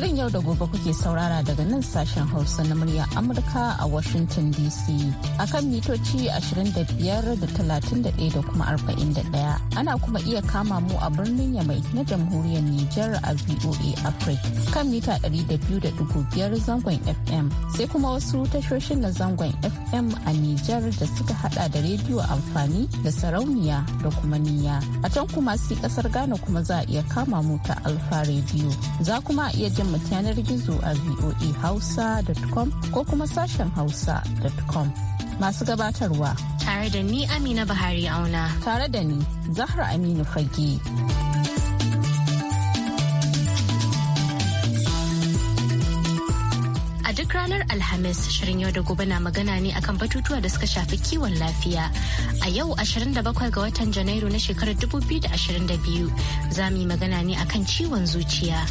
Shirin yau da gobe kuke saurara daga nan sashen Hausa na murya Amurka a Washington DC akan mitoci 25 da 31 da kuma 41. Ana kuma iya kama mu a birnin Yamai na jamhuriyar Nijar a VOA Africa kan mita 200.5 zangon FM sai kuma wasu tashoshin na zangon FM a Nijar da suka hada da rediyo amfani da sarauniya da kuma niya. A can kuma si kasar Ghana kuma za a iya kama mu ta Alfa rediyo Za kuma iya jin mu ta yanar gizo a voahausa.com ko kuma sashen hausa.com. Masu gabatarwa. Tare da ni Amina Bahari Auna. Tare da ni Zahra Aminu Fage. a duk ranar Alhamis shirin yau da gobe na magana ne akan batutuwa da suka shafi kiwon lafiya. A yau 27 ga watan Janairu na shekarar 2022 za mu yi magana ne akan ciwon zuciya.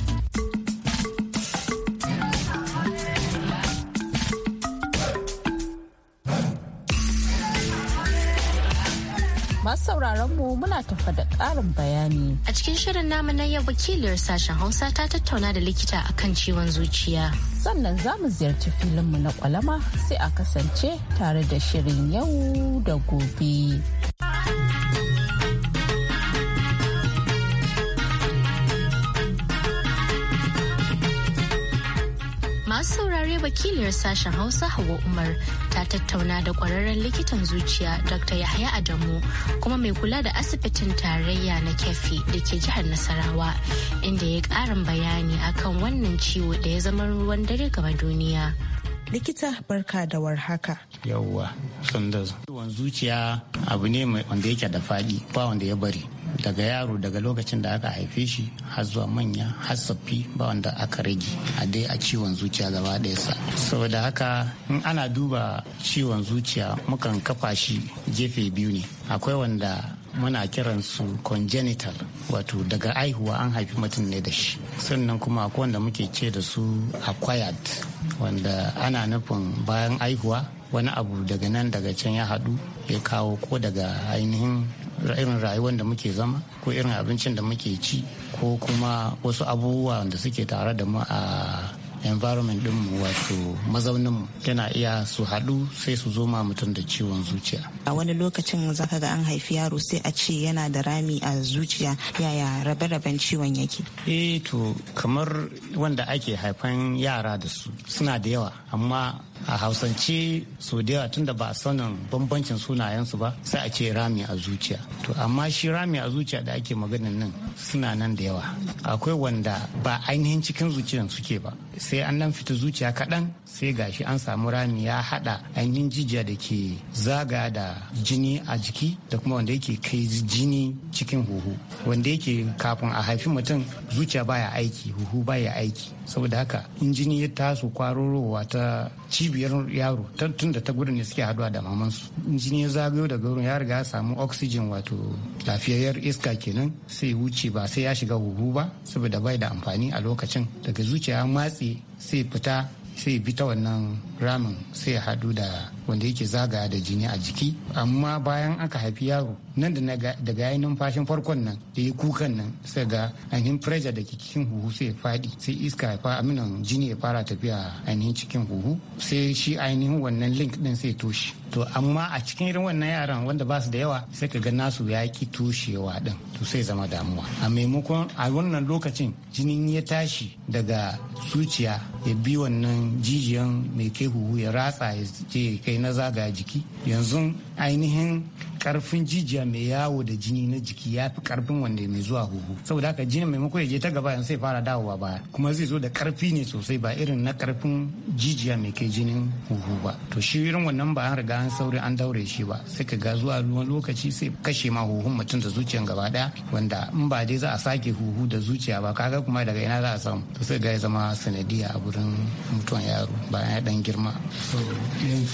sauraron mu muna tafa da ƙarin bayani. A cikin shirin namu na yau wakiliyar sashen Hausa ta tattauna da likita akan ciwon zuciya. Sannan za mu ziyarci filinmu na kwalama sai a kasance tare da shirin yau da gobe. masu saurare wakiliyar sashen hausa hawa umar ta tattauna da kwararren likitan zuciya dr yahaya adamu kuma mai kula da asibitin tarayya na kefi da ke jihar nasarawa inda ya karin bayani akan wannan ciwo da ya zama ruwan dare gaba duniya likita barka da warhaka yawwa sanders ciwon zuciya abu ne wanda yake da fadi ba wanda ya bari daga yaro daga lokacin da aka haife shi har zuwa manya har tsaffi ba wanda aka rage a dai a ciwon zuciya gaba ɗaya sa saboda haka in ana duba ciwon zuciya mukan kafa shi jefe biyu ne akwai wanda muna kiran su congenital wato daga aihuwa an haifi mutum ne da shi sannan kuma akwai wanda muke ce da su acquired wanda ana nufin bayan aihuwa wani abu daga nan daga can ya haɗu ya kawo ko daga ainihin irin rayuwar da muke zama ko irin abincin da muke ci ko kuma wasu abubuwa da suke tare da mu a environment din mu wato mazaunin mu yana iya su haɗu sai su zo ma mutum da ciwon zuciya. A wani lokacin zaka ga an haifi yaro sai a ce yana da rami a zuciya yaya rabe-raben ciwon yake. Eh to kamar wanda ake haifan yara da su suna da yawa amma a hausance so da yawa tunda ba a sanin bambancin sunayensu ba sai a ce rami a zuciya to amma shi rami a zuciya da ake maganin nan suna nan da yawa akwai wanda ba ainihin cikin zuciyan suke ba sai an nan fita zuciya kaɗan sai gashi an samu rami ya haɗa ainihin jijiya da ke zaga da jini a jiki da kuma wanda yake kai jini cikin huhu wanda yake kafin a haifi mutum zuciya baya aiki huhu baya aiki saboda haka in jini ya taso kwarorowa ta cibiyar yaro tun da ta gudun ne suke haduwa da mamansu in jini ya zagayo da wurin ya riga ya samu oxygen wato lafiyayyar iska kenan sai wuce ba sai ya shiga huhu ba saboda bai da amfani a lokacin daga zuciya matse sai fita sai bi ta wannan ramin sai ya haɗu da wanda yake zagaya da jini a jiki amma bayan aka haifi yaro nan da daga yayin numfashin farkon nan da ya kukan nan sai ga ainihin pressure da ke cikin huhu sai ya fadi sai iska ya fara aminan jini ya fara tafiya ainihin cikin huhu sai shi ainihin wannan link din sai toshe to amma a cikin irin wannan yaran wanda ba su da yawa sai ka ga nasu ya ki toshewa din to sai zama damuwa a maimakon a wannan lokacin jinin ya tashi daga zuciya ya bi wannan jijiyan mai kai huhu ya ratsa ya je kai na zaga jiki yanzu ainihin karfin jijiya mai yawo da jini na jiki ya fi karfin wanda mai zuwa huhu saboda haka jini maimako ya je ta gaba yanzu sai fara dawowa baya kuma zai zo da karfi ne sosai ba irin na karfin jijiya mai kai jinin huhu ba to shi irin wannan ba an riga an sauri an daure shi ba sai ka ga zuwa ruwan lokaci sai kashe ma huhun mutum da zuciyan gaba daya wanda in ba dai za a sake huhu da zuciya ba kaga kuma daga ina za a samu to sai ga ya zama sanadiya a gurin mutuwa ciwon yaro bayan ya dan girma so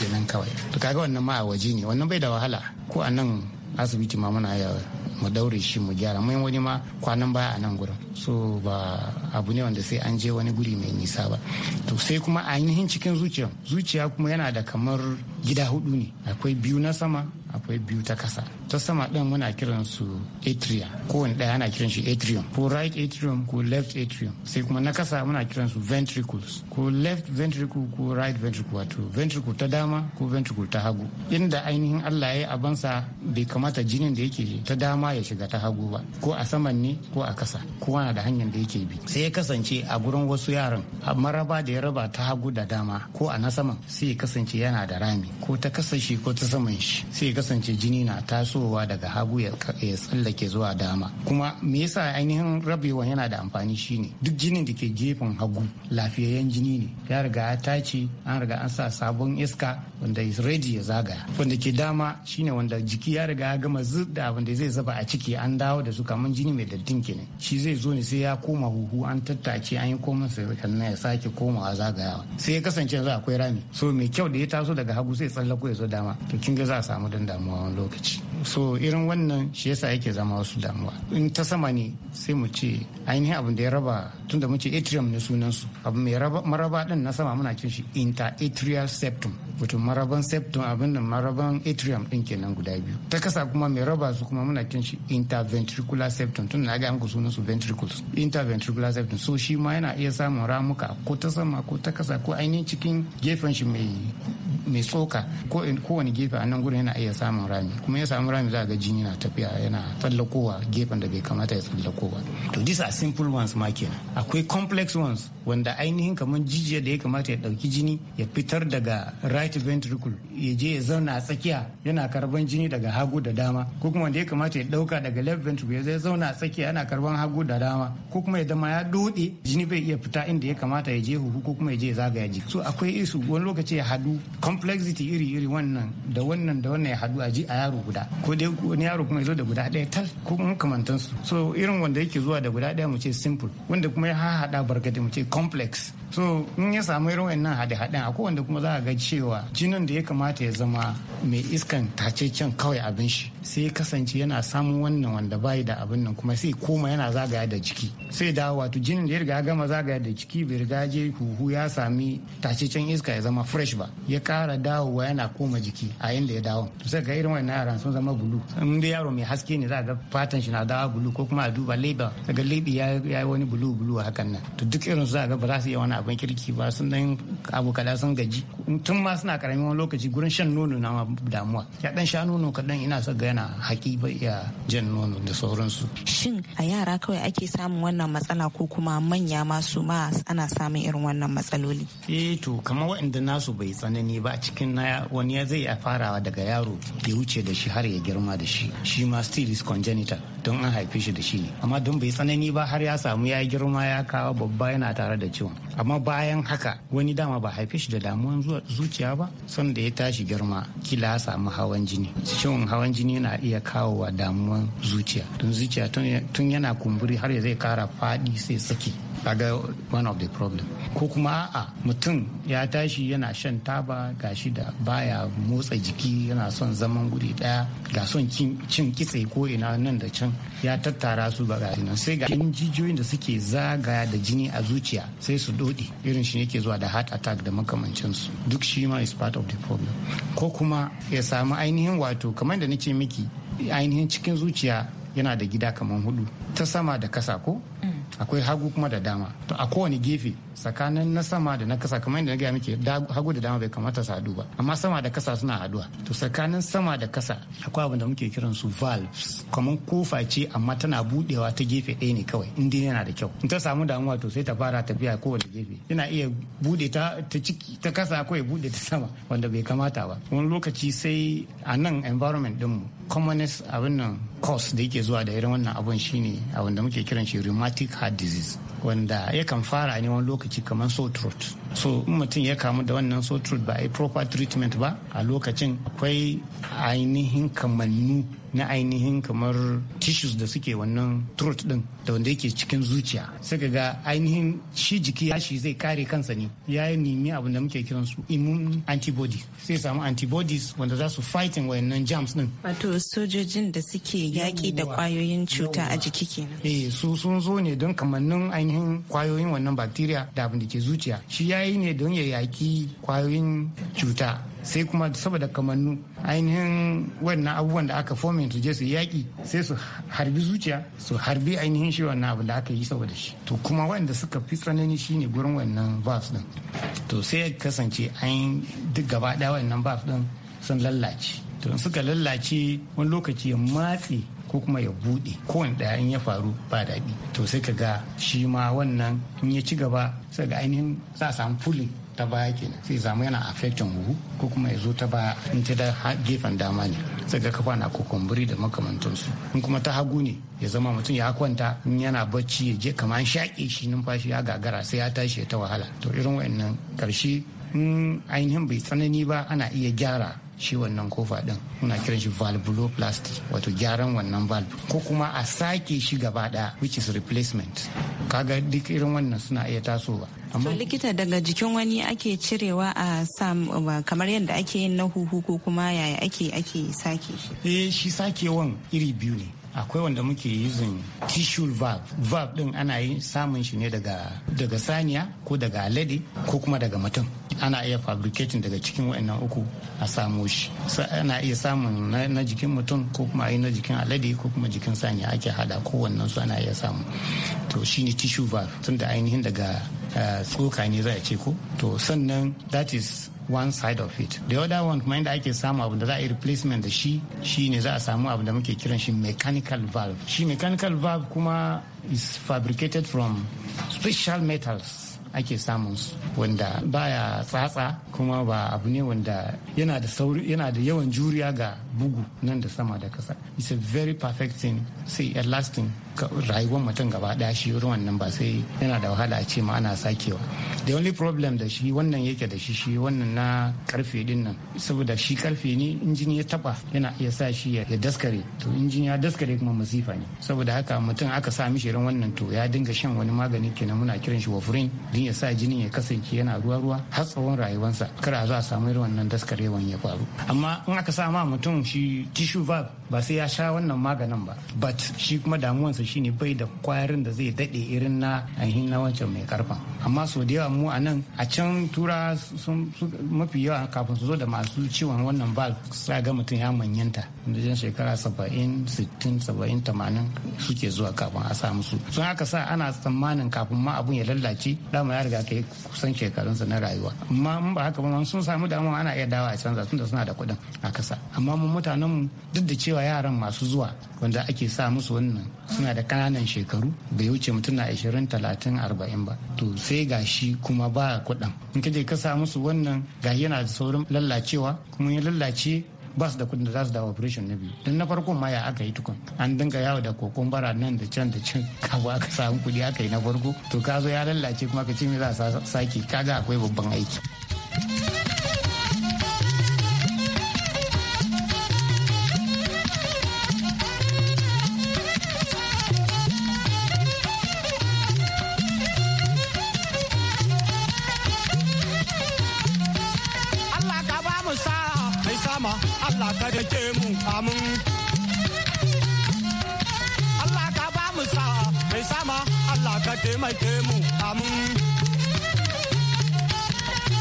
kenan kawai to kaga wannan ma a waje ne wannan bai da wahala ko a nan asibiti ma muna yawa mu daure shi mu gyara mun wani ma kwanan baya a nan gurin so ba abu ne wanda sai an je wani guri mai nisa ba to sai kuma ainihin cikin zuciya zuciya kuma yana da kamar gida hudu ne akwai biyu na sama akwai biyu ta kasa ta sama ɗin muna kiran su atria kowane ɗaya ana kiran shi atrium ko right atrium ko left atrium sai kuma na kasa muna kiran su ventricles ko left ventricle ko right ventricle wato ventricle ta dama ko ventricle ta hagu inda ainihin Allah ya yi abansa bai kamata jinin da yake ta dama ya shiga ta hagu ba ko a saman ne ko a kasa kowa na da hanyar da yake bi sai ya kasance a gurin wasu yaran maraba da ya raba ta hagu da dama ko a na saman sai ya kasance yana da rami ko ta kasa shi ko ta saman shi sai ya kasance jini na taso fitowa daga hagu ya tsallake zuwa dama kuma me yasa ainihin rabewa yana da amfani shine duk jinin da ke gefen hagu lafiyayyen jini ne ya riga ya tace an riga an sa sabon iska wanda is ready ya zagaya wanda ke dama shine wanda jiki ya riga ya gama zidda wanda zai zuba a ciki an dawo da su kamar jini mai daddin kenan shi zai zo ne sai ya koma huhu an tattace an yi komai sai ya sake komawa zagayawa sai ya kasance yanzu akwai rami so mai kyau da ya taso daga hagu sai tsallako ya zo dama to kin ga za a samu dan damuwa wani lokaci so irin wannan shi yasa yake zama wasu damuwa in ta sama ne sai mu ce ainihin abin da ya raba tun da muke atrium na sunansu abu mai maraba din na sama muna cin shi interatrial septum wato maraban septum abin nan maraban atrium din kenan guda biyu ta kasa kuma mai raba su kuma muna cin shi interventricular septum tun na ga muku sunan su ventricles interventricular septum so shi ma yana iya samun ramuka ko ta sama ko ta kasa ko ainihin cikin gefen shi mai mai tsoka ko wani gefe a nan gurin yana iya samun rami kuma ya samu samurai za ga jini na tafiya yana tsallakowa gefen da bai kamata ya tsallako ba to these are simple ones ma kenan akwai complex ones wanda ainihin kamar jijiyar da ya kamata ya ɗauki jini ya fitar daga right ventricle ya je ya zauna a tsakiya yana karban jini daga hagu da dama ko kuma wanda ya kamata ya dauka daga left ventricle ya zauna a tsakiya yana karban hagu da dama ko kuma ya dama ya dode jini bai iya fita inda ya kamata ya je huhu ko kuma ya je zagaya jiki so akwai isu wani lokaci ya hadu complexity iri iri wannan da wannan da wannan ya hadu a ji a yaro guda ko dai wani yaro kuma ya zo da guda ɗaya tal ko makamantan su so irin wanda yake zuwa da guda ɗaya mu ce simple wanda kuma ya haɗa bargadi mu ce complex so in ya samu irin wannan haɗe-haɗen a wanda kuma za a ga cewa jinin da ya kamata ya zama mai iskan tacecen kawai abin shi sai kasance yana samun wannan wanda bai da abin nan kuma sai koma yana zagaya da jiki sai da wato jinin da ya riga gama zagaya da jiki bai riga je huhu ya sami tacecen iska ya zama fresh ba ya kara dawowa yana koma jiki a inda ya dawo to sai ga irin wannan yaran sun zama bulu in dai yaro mai haske ne za ga fatan shi na dawa bulu ko kuma a duba leba daga lebi ya yi wani bulu bulu hakan nan to duk irin su za ga ba za su iya wani abin kirki ba sun dan abu sun gaji tun ma suna karamin wani lokaci gurin shan nono na damuwa ya dan sha nono kadan ina son ga yana haƙi ba iya jan nono da sauransu. Shin a yara kawai ake samun wannan matsala ko kuma manya masu ma ana samun irin wannan matsaloli? Eh to kamar waɗanda nasu bai tsanani ba cikin na wani ya zai farawa daga yaro ya wuce da shi har ya girma da shi shi ma still is congenital don an haife shi da shi ne amma don bai tsanani ba har ya samu ya girma ya kawo babba yana tare da ciwon amma bayan haka wani dama ba haife shi da damuwan zuciya ba son da ya tashi girma kila ya samu hawan jini ciwon hawan jini na iya kawo wa damuwan zuciya don zuciya tun yana kumburi har ya zai kara faɗi sai saki kaga one of the problem ko kuma a'a mutum ya tashi yana shan taba gashi da baya motsa jiki yana son zaman guri daya ga son cin kitse ko ina nan da can ya tattara su ba gari nan sai ga jijiyoyin da suke zagaya da jini a zuciya sai su dode irin shi yake zuwa da heart attack da makamancin su duk shi ma is part of the problem ko kuma ya samu ainihin wato kamar da nake miki ainihin cikin zuciya yana da gida kamar hudu ta sama da kasa ko akwai hagu kuma da dama to a kowane gefe tsakanin na sama da na kasa kamar yadda na gaya muke hagu da dama bai kamata su haɗu ba amma sama da kasa suna haɗuwa to tsakanin sama da kasa akwai abin da muke kiran su valves kamar kofa ce amma tana budewa ta gefe ɗaya ne kawai in dai yana da kyau in ta samu damuwa to sai ta fara tafiya kowane gefe yana iya bude ta ta ciki ta kasa ko buɗe bude ta sama wanda bai kamata ba wani lokaci sai a nan environment ɗinmu commonest abin nan cause da yake zuwa da irin wannan abun shine abin da muke kiran shi rheumatic heart disease wanda yakan fara ne wani lokaci kamar sore throat so in mutum ya kamu da wannan sore throat ba a proper treatment ba a lokacin akwai ainihin kamannu na ainihin kamar tissues da suke wannan throat din da wanda yake cikin zuciya sai ga ainihin shi jiki yashi zai kare kansa ne ya nemi abin da muke kiran su immune antibody sai samu antibodies wanda za su fighting wayannan germs din wato sojojin da suke yaki da kwayoyin cuta a jiki kenan eh su sun zo ne don kamannin ainihin kwayoyin wannan bacteria da abin da ke zuciya shi yayi ne don ya yaki kwayoyin cuta sai kuma saboda kamannu ainihin wannan abubuwan da aka fomin su je su yaƙi sai su harbi zuciya su harbi ainihin shi wannan abu da aka yi saboda shi to kuma wanda suka fi tsanani shine gurin wannan bas din to sai ya kasance an duk gaba ɗaya wannan bas din sun lallace to suka lallace wani lokaci ya matse ko kuma ya buɗe wani ɗaya in ya faru ba daɗi to sai ka ga shi ma wannan in ya ci gaba sai ga ainihin za a samu fulin ta baya ke nan sai zama yana affecting huhu ko kuma ya zo ta baya in ta da gefen dama ne sai ga kafa na kokumburi da makamantansu in kuma ta hagu ne ya zama mutum ya kwanta in yana bacci ya je kamar shaƙe shi numfashi ya gagara sai ya tashi ta wahala to irin wayannan karshe in ainihin bai tsanani ba ana iya gyara shi wannan kofa din muna kiran shi valvuloplasty wato gyaran wannan valve ko kuma a sake shi gaba daya which is replacement kaga duk irin wannan suna iya tasowa amma to likita daga jikin wani ake cirewa a sam kamar yadda ake yin na huhu ko kuma yaya ake ake sake shi eh shi sakewan iri biyu ne akwai wanda muke using tissue valve valve din ana yin samun shi ne daga saniya ko daga alade ko kuma daga mutum ana iya fabricating daga cikin wa'annan uku a samo shi ana iya samun na jikin mutum ko kuma yi na jikin alade ko kuma jikin saniya ake hada kowannen su ana iya samu to shine tissue valve tun da ainihin daga tsoka eh, ne za a ce ko to sannan that is one side of it the other one kuma inda ake samu abu da za a yi replacement da shi shi ne za a samu abu da muke kiran shi mechanical valve shi mechanical valve kuma is fabricated from special metals ake samun su wanda baya tsatsa kuma ba abu ne wanda yana da sauri yana da yawan juriya ga bugu nan da sama da kasa it's a very perfect thing say a lasting rayuwar mutum gaba ɗaya shi ruwan nan ba sai yana da wahala a ce ma ana sakewa the only problem da shi wannan yake da shi shi wannan na karfe din nan saboda shi karfe ne injin ya taba yana iya sa shi ya daskare to injin ya daskare kuma masifa ne saboda haka mutum aka sa mishi irin wannan to ya dinga shan wani magani kenan muna kiran shi wafurin din ya sa jinin ya kasance yana ruwa ruwa har tsawon rayuwarsa kar a za a samu irin wannan daskarewan ya faru amma in aka sa ma mutum shi tissue valve ba sai ya sha wannan maganin ba but shi kuma damuwarsa shine bai da kwayarin da zai daɗe irin na ainihin na wancan mai karfan amma sau da yawa mu a nan a can tura sun mafi yawa kafin su zo da masu ciwon wannan bal sa ga mutum ya manyanta wajen shekara saba'in sittin saba'in suke zuwa kafin a sa musu sun haka sa ana tsammanin kafin ma abun ya lallace dama ya riga kai kusan shekarunsa na rayuwa amma mun ba haka ba sun samu damuwa ana iya dawa a canza tunda suna da kuɗin a kasa amma mu mutanen mu duk da cewa yaran masu zuwa wanda ake sa musu wannan suna da kananan shekaru bai wuce mutum na 20 30 40 ba to sai gashi kuma ba kuɗin in ka je ka sa musu wannan ga yana da saurin lallacewa kuma ya lallace ba su da kudin da za su da operation na biyu don na farkon ma ya aka yi tukun an dinga yawo da kokon bara nan da can da can kabu aka samu kudi aka yi na farko to ka zo ya lallace kuma ka ce me za a sake kaga akwai babban aiki. ka taimake mu amin.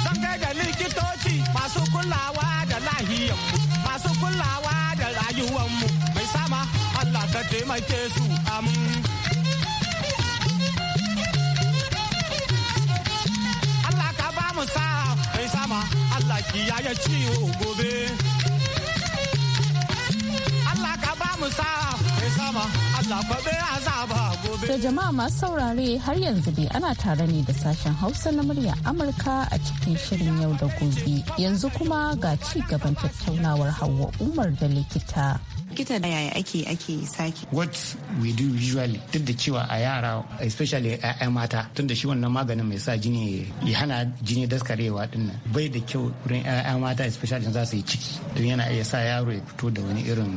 Zan kai da likitoci masu kulawa da lahiyar masu kulawa da rayuwanmu mai sama Allah ka taimake su amin. Allah ka ba mu sa mai sama Allah kiyaye ciwo gobe. Allah ka ba mu sa mai sama Da jama'a masu saurare har yanzu dai ana tare ne da sashen Hausa na murya Amurka a cikin shirin yau da gobe. Yanzu kuma ga ci gaban tattaunawar Hauwa Umar da likita. likita da yaya ake ake sake what we do usually duk da cewa a yara especially a mata tun da shi wannan maganin mai sa jini ya hana jini daskarewa dinnan bai da kyau wurin ƴaƴa mata especially za su yi ciki don yana iya sa yaro ya fito da wani irin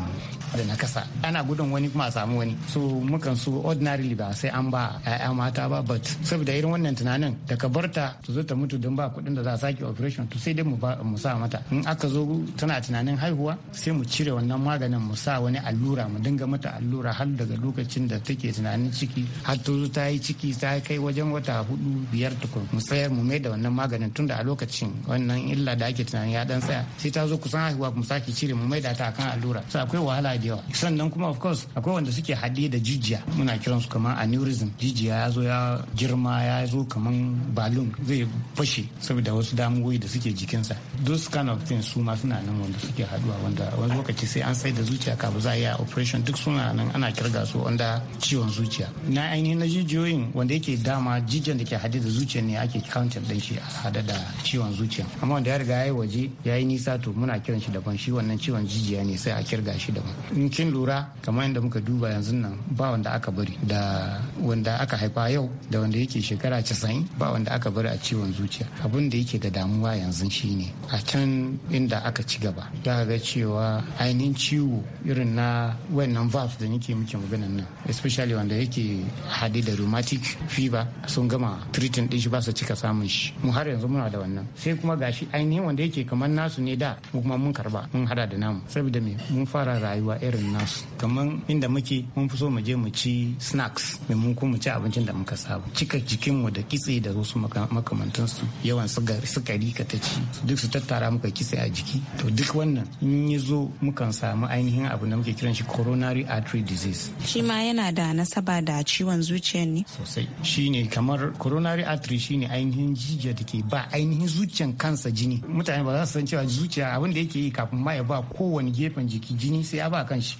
da na kasa ana gudun wani kuma a samu wani so mukan so ordinarily ba sai an ba ƴaƴa mata ba but saboda irin wannan tunanin da ka barta ta zo ta mutu don ba kuɗin da za a sake operation to sai dai mu sa mata in aka zo tana tunanin haihuwa sai mu cire wannan maganin mu sa wani allura mu dinga mata allura har daga lokacin da take tunanin ciki har ta ta yi ciki ta kai wajen wata hudu biyar tukur mu tsayar mu mai da wannan maganin tunda a lokacin wannan illa da ake tunanin ya dan tsaya sai ta zo kusan haihuwa mu sake cire mu mai da ta akan allura sai akwai wahala da yawa sannan kuma of course akwai wanda suke haɗe da jijiya muna kiran su kamar aneurysm jijiya ya zo ya girma ya zo kamar balloon zai fashe saboda wasu damuwoyi da suke jikinsa those kind of things su ma suna nan wanda suke haduwa wanda wani lokaci sai an sai da zuciya shaka ba za a yi operation duk suna nan ana kirga su wanda ciwon zuciya na ainihin na jijiyoyin wanda yake dama jijiyan da ke hade da zuciya ne ake counting din shi a hade da ciwon zuciya amma wanda ya riga ya yi waje ya yi nisa to muna kiran shi daban shi wannan ciwon jijiya ne sai a kirga shi daban in kin lura kamar yadda muka duba yanzu nan ba wanda aka bari da wanda aka haifa yau da wanda yake shekara casa'in ba wanda aka bari a ciwon zuciya abin da yake da damuwa yanzu shine a can inda aka ci gaba ga cewa ainihin ciwo irin na wannan valve da nake muke maganin nan especially wanda yake hade da rheumatic fever sun gama treating din shi ba su cika samun shi mu har yanzu muna da wannan sai kuma gashi ainihin wanda yake kamar nasu ne da mu kuma mun karba mun hada da namu saboda me mun fara rayuwa irin nasu kamar inda muke mun fi so mu je mu ci snacks mun ko mu ci abincin da muka saba cika jikinmu da kitse da wasu makamantansu yawan sukari ka ta ci duk su tattara muka kitse a jiki to duk wannan in yi zo mukan samu ainihin abu da muke kiran shi coronary artery disease shi ma yana da nasaba da ciwon zuciya ne sosai shi ne kamar coronary artery shi ne ainihin jijiya da ke ba ainihin zuciyan kansa jini mutane ba za su san cewa zuciya abin da yake yi kafin ma ya ba kowane gefen jiki jini sai ya ba kan shi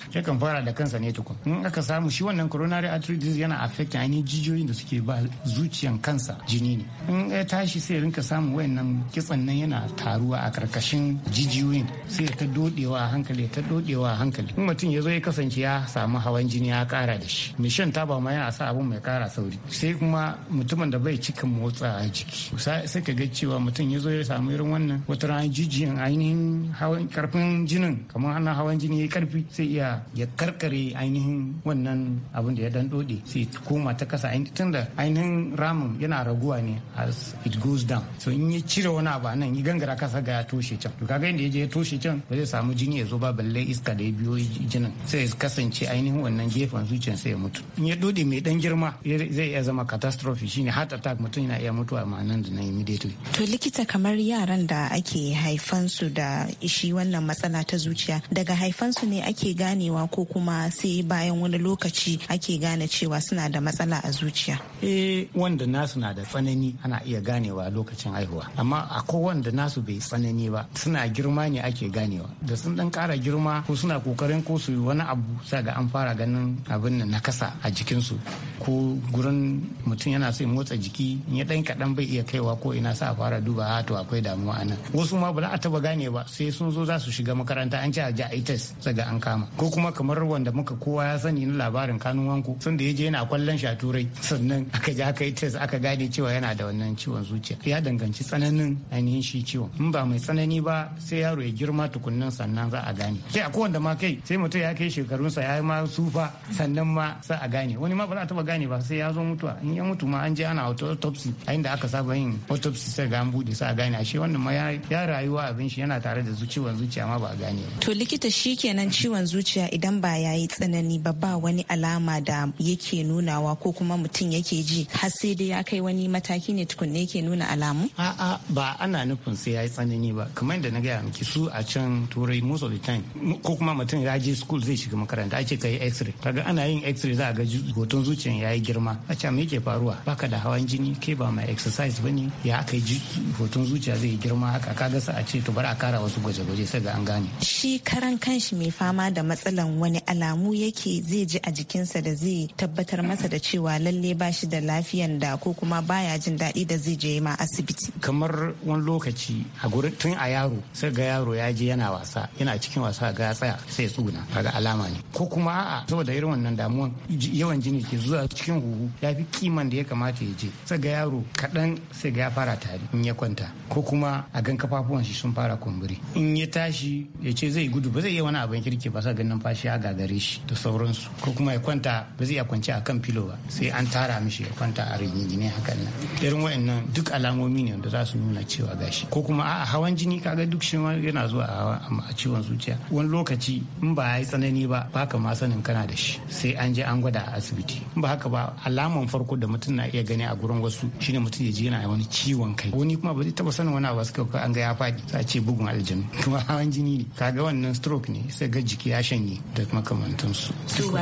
fara da kansa ne tukun in aka samu shi wannan coronary artery disease yana affecting ainihin jijiyoyin da suke ba zuciyan kansa jini ne in ya tashi sai rinka samun wayannan kitsan nan yana taruwa a karkashin jijiyoyin sai ta dodewa a hankali ta dodewa a hankali in mutum ya zo ya kasance ya samu hawan jini ya kara da shi mai shan taba ma yana sa abun mai kara sauri sai kuma mutumin da bai cika motsa a jiki sai ka ga cewa mutum ya zo ya samu irin wannan wata rana jijiyan ainihin hawan karfin jinin kamar ana hawan jini ya karfi sai iya ya karkare ainihin wannan abin da ya dan dode sai koma ta kasa tunda ainihin ramin yana raguwa ne as it goes down so in ya cire wani abu nan ya gangara kasa ga ya toshe can to kaga inda ya je ya toshe can ba zai samu jini ya zo ba balle iska da ya biyo jinin sai ya kasance ainihin wannan gefen zuciyar sai ya mutu in ya dode mai dan girma zai iya zama catastrophe shine heart attack mutum yana iya mutuwa ma nan da nan immediately to likita kamar yaran da ake haifansu da shi wannan matsala ta zuciya daga haifansu ne ake ganewa ko kuma sai bayan wani lokaci ake gane cewa suna da matsala a zuciya eh wanda nasu na da tsanani ana iya ganewa lokacin haihuwa amma akwai wanda nasu bai tsanani ba suna girma ne ake ganewa da sun dan kara girma ko suna kokarin ko su wani abu sa ga an fara ganin abin nan na kasa a jikinsu ko gurin mutum yana so motsa jiki in ya dan kaɗan bai iya kaiwa ko ina sa fara duba ah, to akwai damuwa anan wasu ma ba za a taba gane ba sai sun zo za su shiga makaranta an ce a ji a test daga an kama ko kuma kamar kamar wanda muka kowa ya sani na labarin kanun wanku sun da ya je yana kwallon sha turai sannan aka je aka yi aka gane cewa yana da wannan ciwon zuciya ya danganci tsananin ainihin shi ciwon in ba mai tsanani ba sai yaro ya girma tukunnan sannan za a gane sai a kowanne ma kai sai mutum ya kai shekarunsa ya ma sufa sannan ma za a gane wani ma ba za a taba gane ba sai ya zo mutuwa in ya mutu ma an je ana autopsy a inda aka saba yin autopsy sai ga an bude sai a gane ashe wannan ma ya rayuwa abin shi yana tare da ciwon zuciya ma ba a gane ba to likita shi kenan ciwon zuciya idan ba ba ya yi tsanani ba ba wani alama da yake nunawa ko kuma mutum yake ji har sai dai ya kai wani mataki ne tukunne yake nuna alamu? A'a ba ana nufin sai ya yi tsanani ba kamar yadda na gaya miki su a can turai most of the time ko kuma mutum ya je school zai shiga makaranta a ce ka yi x-ray kaga ana yin x-ray za a ga hoton zuciyan ya yi girma a ce me yake faruwa baka da hawan jini ke ba mai exercise ba ne ya aka yi hoton zuciya zai girma haka kaga sa a ce to bari a kara wasu gwaje-gwaje sai ga an gane. Shi karan kanshi mai fama da matsalan wani wani alamu yake zai ji a jikinsa da zai tabbatar masa da cewa lalle ba shi da lafiyan da ko kuma baya jin daɗi da zai je ma asibiti kamar wani lokaci a gurin tun a yaro sai ga yaro ya je yana wasa yana cikin wasa ga ya tsaya sai tsuna kaga alama ne ko kuma a'a saboda irin wannan damuwan yawan jini ke zuwa cikin huhu ya fi kiman da ya kamata ya je sai ga yaro kaɗan sai ga ya fara tari in ya kwanta ko kuma a gan kafafuwan shi sun fara kumburi in ya tashi ya ce zai gudu ba zai yi wani abin kirki ba sa ganin fashi ya gare shi da sauransu ko kuma ya kwanta ba zai iya kwanci a kan filo ba sai an tara mishi ya kwanta a rigingine hakan nan irin wa'annan duk alamomi ne da za su nuna cewa gashi ko kuma a hawan jini kaga duk shi yana zuwa a ciwon zuciya wani lokaci in ba ya yi tsanani ba baka ma sanin kana da shi sai an je an gwada a asibiti in ba haka ba alaman farko da mutum na iya gani a gurin wasu shine mutum ya ji yana wani ciwon kai wani kuma ba zai taba sanin wani abu suka an ga ya faɗi sai ce bugun aljanu kuma hawan jini ne kaga wannan stroke ne sai ga jiki ya shanye da makamantansu.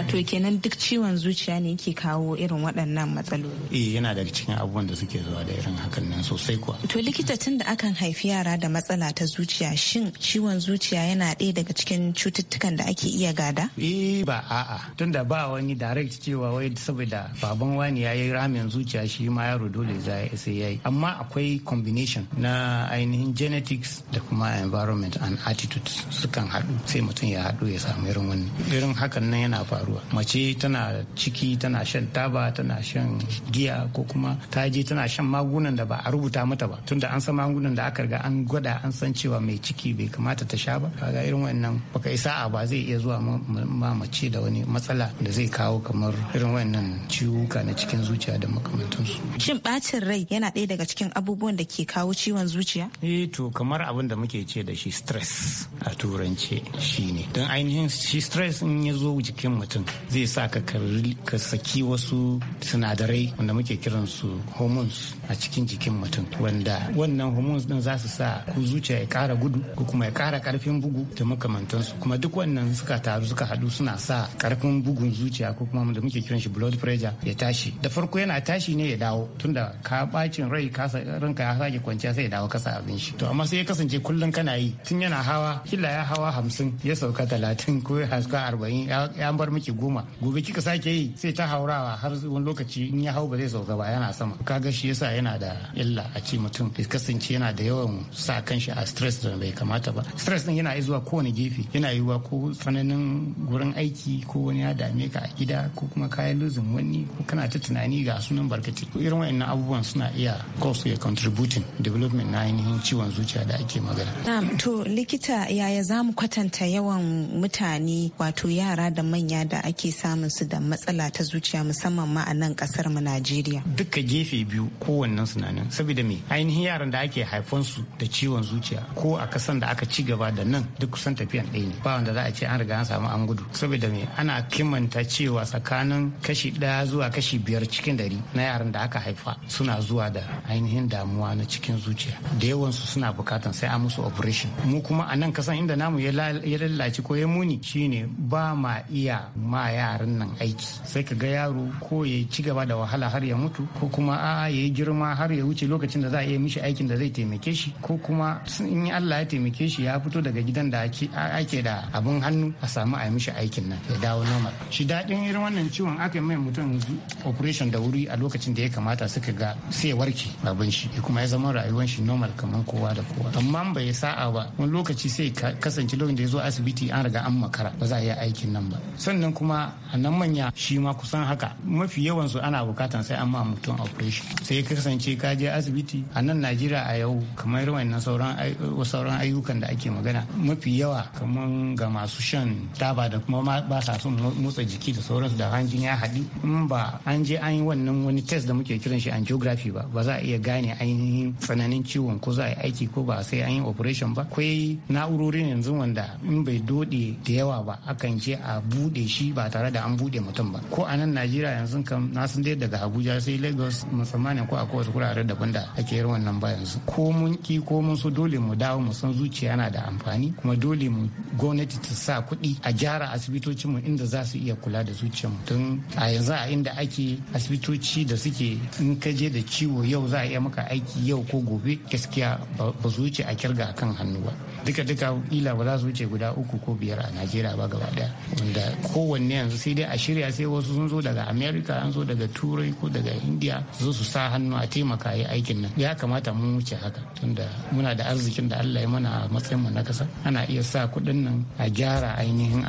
To kenan duk ciwon zuciya ne ke kawo irin waɗannan matsaloli. Eh yana daga cikin abubuwan da suke zuwa da irin hakan nan sosai kuwa. To likita tun da akan haifi yara da matsala ta zuciya shin ciwon zuciya yana ɗaya daga cikin cututtukan da ake iya gada? Eh ba a'a tun da ba wani direct cewa wai saboda baban wani ya yi ramin zuciya shi ma yaro dole sai ya yi amma akwai combination na ainihin genetics da kuma environment and attitudes sukan haɗu sai mutum ya haɗu ya samu irin wani irin hakan nan yana faruwa mace tana ciki tana shan taba tana shan giya ko kuma ta je tana shan magunan da ba a rubuta mata ba tunda an san magunan da aka riga an gwada an san cewa mai ciki bai kamata ta sha ba kaga irin wannan baka isa a ba zai iya zuwa ma mace da wani matsala da zai kawo kamar irin wannan ciwuka na cikin zuciya da makamantansu shin bacin rai yana ɗaya daga cikin abubuwan da ke kawo ciwon zuciya eh to kamar abin da muke ce da shi stress a turance shine don ainihin shi stress stress in ya zo jikin mutum zai sa ka ka saki wasu sinadarai wanda muke kiran su hormones a cikin jikin mutum wanda wannan hormones din za su sa ku zuciya ya kara gudu ko kuma ya kara karfin bugu da makamantansu kuma duk wannan suka taru suka hadu suna sa karfin bugun zuciya ko kuma da muke kiran shi blood pressure ya tashi da farko yana tashi ne ya dawo tunda ka bacin rai ka ranka ya sake kwanciya sai ya dawo kasa abin shi to amma sai ya kasance kullum kana yi tun yana hawa kila ya hawa hamsin ya sauka talatin ko ya kuka arba'in ya bar miki goma gobe kika sake yi sai ta haurawa har wani lokaci in ya hau ba zai sauka ba yana sama kaga shi yasa yana da illa a ce mutum kasance yana da yawan sa kan shi a stress da bai kamata ba stress din yana izuwa kowane gefe yana yiwuwa ko tsananin gurin aiki ko wani ya dame ka a gida ko kuma kayan luzin wani ko kana ta tunani ga sunan ko irin wa'annan abubuwan suna iya cause ya contributing development na ainihin ciwon zuciya da ake magana. to likita yaya za mu kwatanta yawan mutane wato yara da manya da ake samun su da matsala ta zuciya musamman ma a nan kasar mu Najeriya. Duka gefe biyu kowannen su nan saboda me ainihin yaran da ake haifan su da ciwon zuciya ko a kasan da aka ci gaba da nan duk kusan tafiyan ɗaya ne ba wanda za a ce an riga an samu an gudu saboda me ana kimanta cewa tsakanin kashi ɗaya zuwa kashi biyar cikin dari na yaran da aka haifa suna zuwa da ainihin damuwa na cikin zuciya da yawansu suna bukatan sai an musu operation mu kuma a nan kasan inda namu ya lalace ko ya muni shine ba ma iya ma yaran nan aiki sai ka ga yaro ko ya ci gaba da wahala har ya mutu ko kuma a ya yi girma har ya wuce lokacin da za a iya mishi aikin da zai taimake shi ko kuma in Allah ya taimake shi ya fito daga gidan da ake da abin hannu a samu a yi mishi aikin nan ya dawo normal shi daɗin irin wannan ciwon aka mai mutum operation da wuri a lokacin da ya kamata suka ga sai warke abin shi kuma ya zama rayuwar shi normal kamar kowa da kowa amma bai sa'a ba wani lokaci sai kasance lokacin da ya zo asibiti an riga an makara ba za yi aikin nan ba sannan kuma a nan manya shi ma kusan haka mafi yawan su ana bukatan sai an ma mutum operation sai kasance ka je asibiti a nan najeriya a yau kamar na sauran ayyukan da ake magana mafi yawa kamar ga masu shan taba da kuma ba sa son motsa jiki da sauransu da hanjin ya haɗi in ba an je an yi wannan wani test da muke kiran shi angiography ba ba za a iya gane ainihin tsananin ciwon ko za a yi aiki ko ba sai an yi operation ba akwai na'urori yanzu wanda in bai dode da yawa ba akan je a bude shi ba tare da an bude mutum ba ko a nan najeriya yanzu kam na san dai daga abuja sai lagos musamman ko akwai wasu kurare daban da ake yin wannan ba yanzu ko mun ki ko mun so dole mu dawo mu san zuciya na da amfani kuma dole mu gwamnati ta sa kuɗi a gyara asibitocin mu inda za su iya kula da zuciyar mu tun a yanzu a inda ake asibitoci da suke in ka je da ciwo yau za a iya maka aiki yau ko gobe gaskiya ba zuci a kirga kan hannu ba duka duka ila ba za su wuce guda uku ko biyar a najeriya ba gaba gaba daya wanda kowanne yanzu sai dai a shirya sai wasu sun zo daga Amerika an zo daga turai ko daga india zo su sa hannu a taimaka yi aikin nan ya kamata mu wuce haka tunda muna da arzikin da allah ya mana a matsayin mu na kasa ana iya sa kuɗin nan a gyara ainihin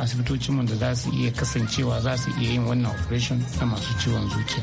asibitocin mu da za su iya kasancewa za su iya yin wannan operation na masu ciwon zuciya.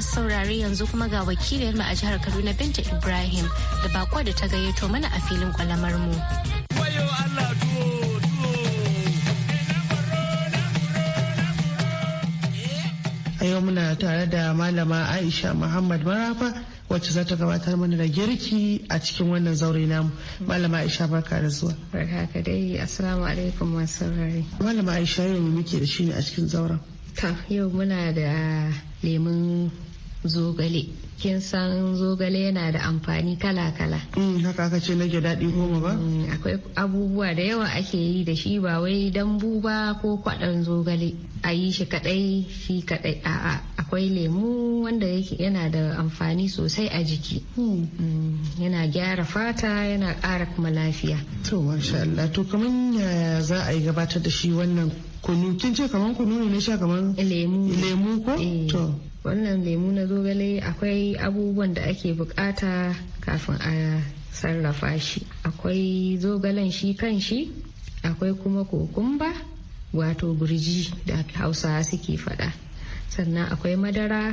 masu saurare yanzu kuma ga wakilin mu a jihar Kaduna Binta Ibrahim da bakwa da ta gayyato mana a filin kwalamar mu. A yau muna tare da malama Aisha Muhammad Marafa wacce za ta gabatar mana da girki a cikin wannan zaure namu malama aisha barka da zuwa barka ka dai assalamu alaikum masu saurare malama aisha yau muke da shi ne a cikin zauren yau muna da ah, lemun zogale kin san zogale yana da amfani kala-kala. Mm, haka aka ce nake daɗi goma ba? Mm, akwai abubuwa da yawa ake yi da shi ba wai dambu ba ko kwaɗon zogale a yi shi kaɗai shi kaɗai a'a akwai lemu wanda yake yana da amfani sosai a jiki. Mm. yana gyara fata yana ƙara kuma lafiya. To masha Allah to kamar yaya za a yi gabatar da shi wannan kunu kin ce kamar kunu ne sha kamar lemu lemu ko? Eh. To. wannan lemu na zogale akwai abubuwan da ake bukata kafin a sarrafa shi akwai zogalen shi kan shi akwai kuma kokumba wato gurji da hausa suke fada sannan akwai madara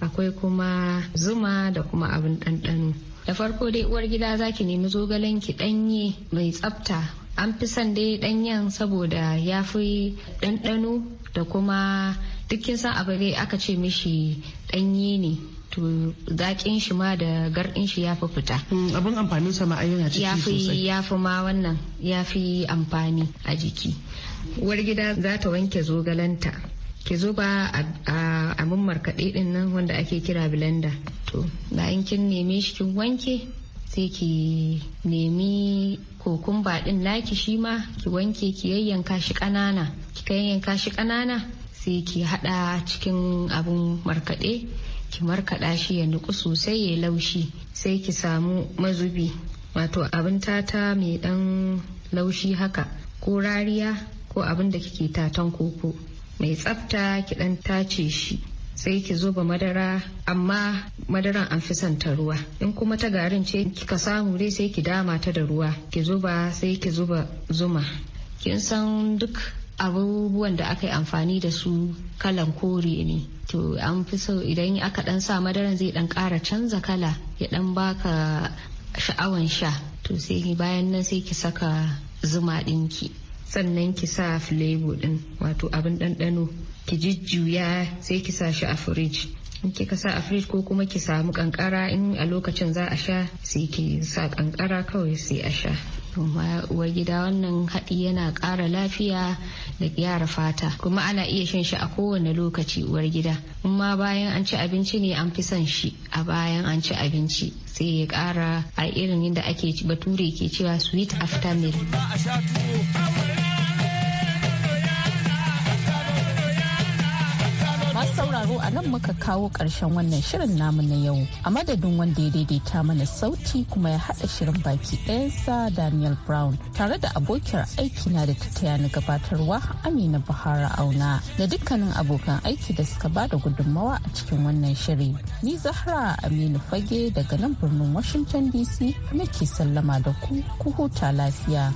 akwai kuma zuma da kuma abin ɗanɗano da farko dai uwar gida za ki nemi zogalen ki ɗanye mai tsafta an fi son dai ɗanyen saboda ya fi ɗanɗano da kuma duk kin san abu ne aka ce mishi ɗanye ne to zaƙin shi ma da garɗin shi ya fi fita. Mm, abin amfanin sa ma yana ciki sosai. Ya fi ma wannan ya fi amfani a jiki. Uwar gida za ta wanke zogalanta. Ki ba a abin markaɗe ɗin nan wanda ake kira blender. To bayan kin neme shi kin wanke sai ki nemi kokumba ɗin naki shi ma ki wanke ki yayyanka shi ƙanana. Ki yayyanka shi ƙanana sai ki hada cikin abun markade ki markada shi ya nuku sosai ya laushi sai ki samu mazubi wato abin tata mai dan laushi haka ko rariya ko abin da kike tatan koko mai tsafta ki dan tace shi sai ki zuba madara amma madaran an fi son ta ruwa in kuma ta garin ce kika samu dai sai ki dama ta da ruwa ki zuba sai ki zuba zuma kin san duk abubuwan da aka yi amfani da su kalan kore ne to an fi so idan aka dan sa madaran zai dan kara canza kala ya dan baka sha'awan sha to sai bayan nan sai ki saka zuma dinki sannan ki sa flavor din wato abin ɗanɗano ki jujjuya sai ki sa shi a firij in kika sa a fridge ko kuma ki samu kankara in a lokacin za a sha sai ki sa kankara kawai sai a sha kuma gida wannan haɗi yana ƙara lafiya da gyara fata kuma ana iya shan shi a kowane lokaci uwar gida kuma bayan an ci abinci ne an fi son shi a bayan an ci abinci sai ya ƙara a irin yadda ake bature ke cewa sweet after meal sauraro a nan muka kawo ƙarshen wannan shirin namu na yau. A madadin wanda ya daidaita mana sauti kuma ya haɗa shirin baki ɗayansa Daniel Brown tare da abokiyar aikina da ta taya ni gabatarwa Amina Bahara Auna da dukkanin abokan aiki da suka ba da gudunmawa a cikin wannan shiri. Ni Zahra Aminu Fage daga nan birnin Washington DC nake sallama da ku ku huta lafiya.